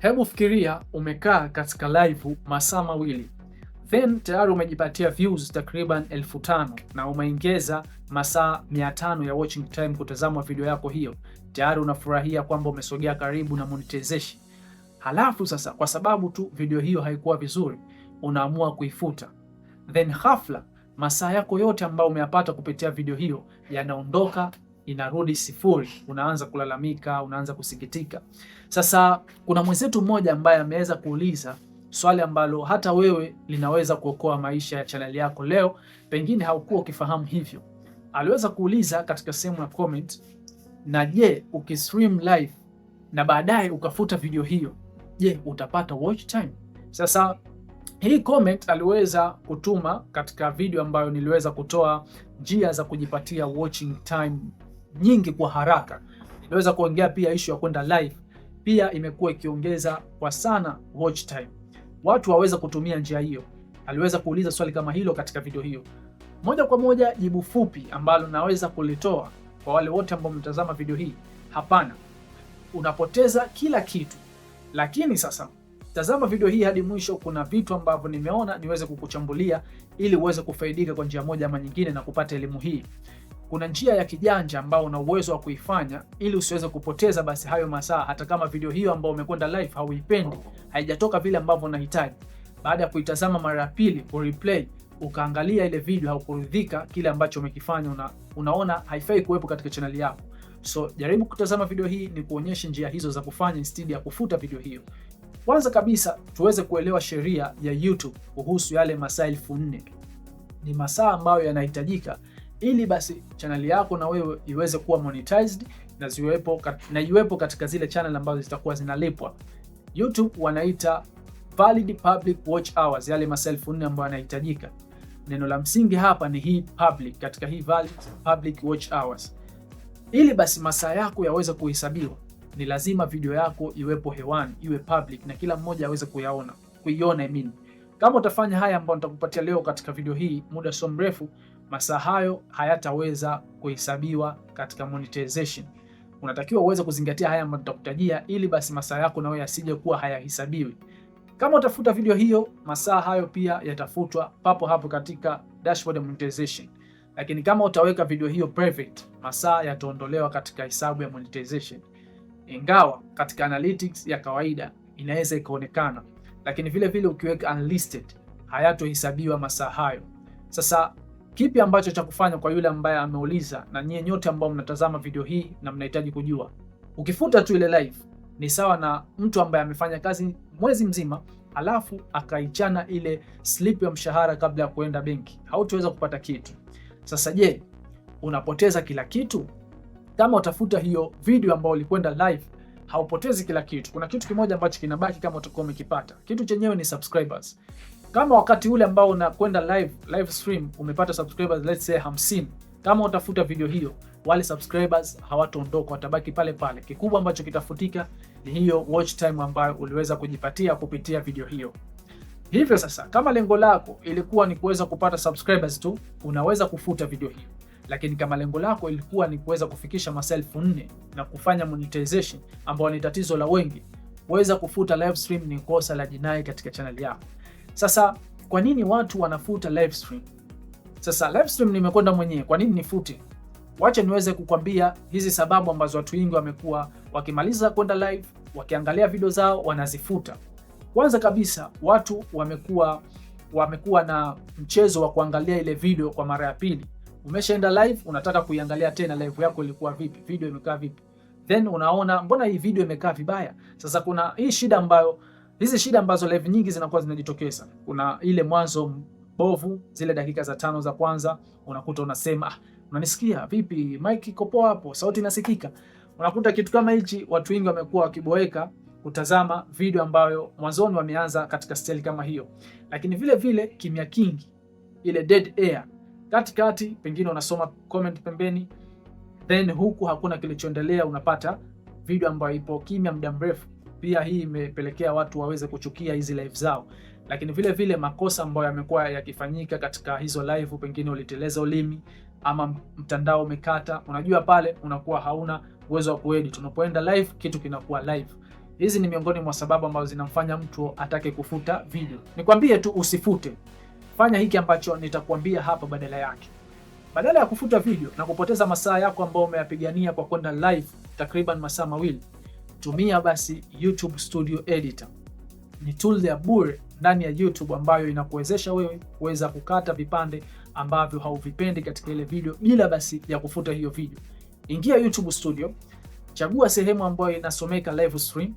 Hebu fikiria umekaa katika live masaa mawili, then tayari umejipatia views takriban elfu tano na umeingeza masaa tano ya watching time kutazama video yako hiyo. Tayari unafurahia kwamba umesogea karibu na monetization. Halafu sasa, kwa sababu tu video hiyo haikuwa vizuri, unaamua kuifuta, then hafla masaa yako yote ambayo umeyapata kupitia video hiyo yanaondoka inarudi sifuri, unaanza kulalamika, unaanza kusikitika. Sasa kuna mwenzetu mmoja ambaye ameweza kuuliza swali ambalo hata wewe linaweza kuokoa maisha ya chaneli yako leo, pengine haukuwa ukifahamu hivyo. Aliweza kuuliza katika sehemu ya comment, na je, ukistream live na baadaye ukafuta video hiyo, je, utapata watch time? Sasa hii comment aliweza kutuma katika video ambayo niliweza kutoa njia za kujipatia watching time nyingi kwa haraka. Inaweza kuongea pia issue ya kwenda live, pia imekuwa ikiongeza kwa sana watch time, watu waweza kutumia njia hiyo. Aliweza kuuliza swali kama hilo katika video hiyo. Moja kwa moja jibu fupi ambalo naweza kulitoa kwa wale wote ambao mtazama video hii, hapana, unapoteza kila kitu. Lakini sasa tazama video hii hadi mwisho. Kuna vitu ambavyo nimeona niweze kukuchambulia ili uweze kufaidika kwa njia moja ama nyingine na kupata elimu hii kuna njia ya kijanja ambao una uwezo wa kuifanya ili usiweze kupoteza basi hayo masaa, hata kama video hiyo ambayo umekwenda live hauipendi, haijatoka vile ambavyo unahitaji. Baada ya kuitazama mara ya pili, kureplay, ukaangalia ile video, haukuridhika kile ambacho umekifanya, una, unaona haifai kuwepo katika chaneli yako. So jaribu kutazama video hii, ni kuonyesha njia hizo za kufanya instead ya kufuta video hiyo. Kwanza kabisa tuweze kuelewa sheria ya YouTube kuhusu yale masaa elfu nne ni masaa ambayo yanahitajika ili basi chaneli yako na wewe iweze kuwa monetized na ziwepo, na iwepo katika zile channel ambazo zitakuwa zinalipwa. YouTube wanaita valid public watch hours, yale masaa nne ambayo yanahitajika. Neno la msingi hapa ni hii public, katika hii valid public watch hours. Ili basi masaa yako yaweze kuhesabiwa, ni lazima video yako iwepo hewani, iwe public na kila mmoja aweze kuyaona, kuiona I mean. Kama utafanya haya ambayo nitakupatia leo katika video hii, muda sio mrefu masaa hayo hayataweza kuhesabiwa katika monetization. Unatakiwa uweze kuzingatia haya ambayo tutakutajia, ili basi masaa yako nayo yasije kuwa hayahesabiwi. Kama utafuta video hiyo, masaa hayo pia yatafutwa papo hapo katika dashboard ya monetization. Lakini kama utaweka video hiyo private, masaa yataondolewa katika hesabu ya monetization, ingawa katika analytics ya kawaida inaweza ikaonekana, lakini vile vile ukiweka unlisted hayatohesabiwa masaa hayo. Sasa Kipi ambacho cha kufanya kwa yule ambaye ameuliza, na nyie nyote ambao mnatazama video hii na mnahitaji kujua, ukifuta tu ile live ni sawa na mtu ambaye amefanya kazi mwezi mzima alafu akaichana ile slip ya mshahara kabla ya kuenda benki, hautaweza kupata kitu. Sasa je, unapoteza kila kitu? Kama utafuta hiyo video ambayo ulikwenda live, haupotezi kila kitu. Kuna kitu kimoja ambacho kinabaki kama utakuwa umekipata. Kitu chenyewe ni subscribers kama wakati ule ambao unakwenda live live stream umepata subscribers let's say 50, kama utafuta video hiyo, wale subscribers hawataondoka, watabaki pale pale. Kikubwa ambacho kitafutika ni hiyo watch time ambayo uliweza kujipatia kupitia video hiyo. Hivyo sasa, kama lengo lako ilikuwa ni kuweza kupata subscribers tu, unaweza kufuta video hiyo, lakini kama lengo lako ilikuwa ni kuweza kufikisha masaa nne na kufanya monetization, ambayo ni tatizo la wengi, kuweza kufuta live stream ni kosa la jinai katika chaneli yako. Sasa kwa nini watu wanafuta live stream? Sasa live stream nimekwenda mwenyewe, kwa nini nifute? Wacha niweze kukwambia hizi sababu ambazo watu wengi wamekuwa wakimaliza kwenda live, wakiangalia video zao wanazifuta. Kwanza kabisa, watu wamekuwa wamekuwa na mchezo wa kuangalia ile video kwa mara ya pili. Umeshaenda live, unataka kuiangalia tena live yako ilikuwa vipi, video imekaa vipi, then unaona mbona hii video imekaa vibaya. Sasa kuna hii shida ambayo Hizi shida ambazo live nyingi zinakuwa zinajitokeza, kuna ile mwanzo mbovu, zile dakika za tano za kwanza unakuta unasema ah, unanisikia vipi? Mic iko poa hapo, sauti inasikika. Unakuta kitu kama hichi, watu wengi wamekuwa wakiboeka kutazama video ambayo mwanzoni wameanza katika style kama hiyo, lakini vile vile kimya kingi, ile dead air katikati, pengine unasoma comment pembeni, then huku hakuna kilichoendelea, unapata video ambayo ipo kimya muda mrefu pia hii imepelekea watu waweze kuchukia hizi live zao, lakini vile vile makosa ambayo yamekuwa yakifanyika katika hizo live, pengine uliteleza ulimi ama mtandao umekata. Unajua pale unakuwa hauna uwezo wa kuedit, unapoenda live kitu kinakuwa live. Hizi ni miongoni mwa sababu ambazo zinamfanya mtu atake kufuta video. Nikwambie tu usifute, fanya hiki ambacho nitakwambia hapa badala yake. Badala ya kufuta video na kupoteza masaa yako ambayo umeyapigania kwa kwenda live takriban masaa mawili tumia basi YouTube Studio Editor. Ni tool ya bure ndani ya YouTube ambayo inakuwezesha wewe kuweza kukata vipande ambavyo hauvipendi katika ile video bila basi ya kufuta hiyo video. Ingia YouTube Studio, chagua sehemu ambayo inasomeka live stream,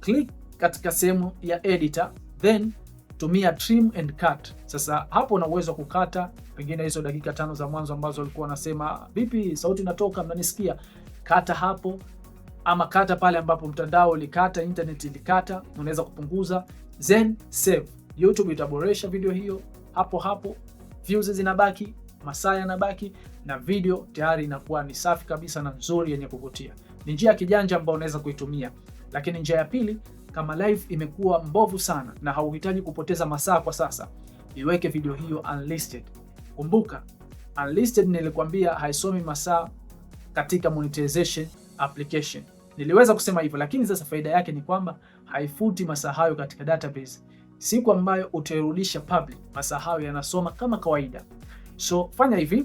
click katika sehemu ya editor, then tumia trim and cut. Sasa hapo una uwezo kukata pengine hizo dakika tano za mwanzo ambazo walikuwa wanasema vipi, sauti inatoka, mnanisikia? Kata hapo ama kata pale ambapo mtandao ulikata, internet ilikata, unaweza kupunguza then save. YouTube itaboresha video hiyo hapo hapo, views zinabaki, masaa yanabaki, na video tayari inakuwa ni safi kabisa na nzuri yenye kuvutia. Ni njia ya kijanja ambayo unaweza kuitumia, lakini njia ya pili, kama live imekuwa mbovu sana na hauhitaji kupoteza masaa kwa sasa, iweke video hiyo unlisted. Kumbuka unlisted nilikwambia haisomi masaa katika monetization application. Niliweza kusema hivyo, lakini sasa faida yake ni kwamba haifuti masaa hayo katika database. Siku ambayo utairudisha public, masaa hayo yanasoma kama kawaida. So fanya hivi,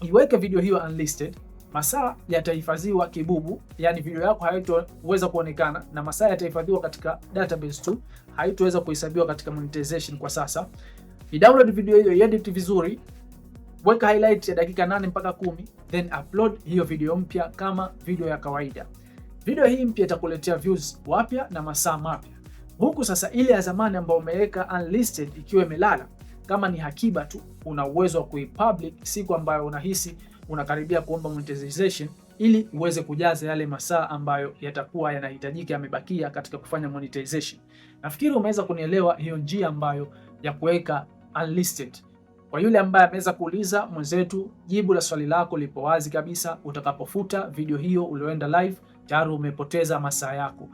iweke video hiyo unlisted, masaa yatahifadhiwa kibubu, yani video yako haitoweza kuonekana, na masaa yatahifadhiwa katika database tu, haitoweza kuhesabiwa katika monetization kwa sasa. I download video hiyo, edit vizuri, weka highlight ya dakika nane mpaka kumi, then upload hiyo video mpya kama video ya kawaida. Video hii mpya itakuletea views wapya na masaa mapya, huku sasa ile ya zamani ambayo umeweka unlisted ikiwa imelala kama ni hakiba tu, una uwezo wa kuipublic siku ambayo unahisi unakaribia kuomba monetization ili uweze kujaza yale masaa ambayo yatakuwa yanahitajika yamebakia katika kufanya monetization. Nafikiri umeweza kunielewa hiyo njia ambayo ya kuweka unlisted. Kwa yule ambaye ameweza kuuliza mwenzetu, jibu la swali lako lipo wazi kabisa utakapofuta video hiyo ulioenda live tayari umepoteza masaa yako.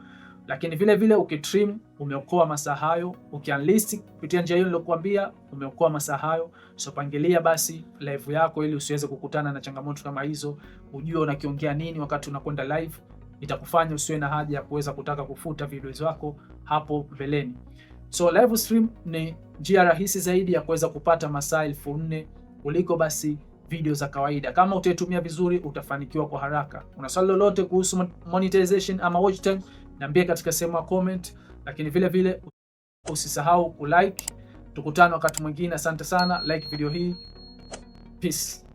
Lakini vile vile ukitrim, umeokoa masaa hayo. Ukianlist kupitia njia hiyo nilokuambia, umeokoa masaa hayo. So pangilia basi live yako ili usiweze kukutana na changamoto kama hizo, ujue unakiongea nini wakati unakwenda live. Itakufanya usiwe na haja ya kuweza kutaka kufuta video zako hapo mbeleni. So live stream ni njia rahisi zaidi ya kuweza kupata masaa elfu nne kuliko basi video za kawaida. Kama utaitumia vizuri, utafanikiwa kwa haraka. Una swali lolote kuhusu monetization ama watch time, niambie katika sehemu ya comment, lakini vile vile usisahau kulike. Tukutane wakati mwingine. Asante sana, like video hii. Peace.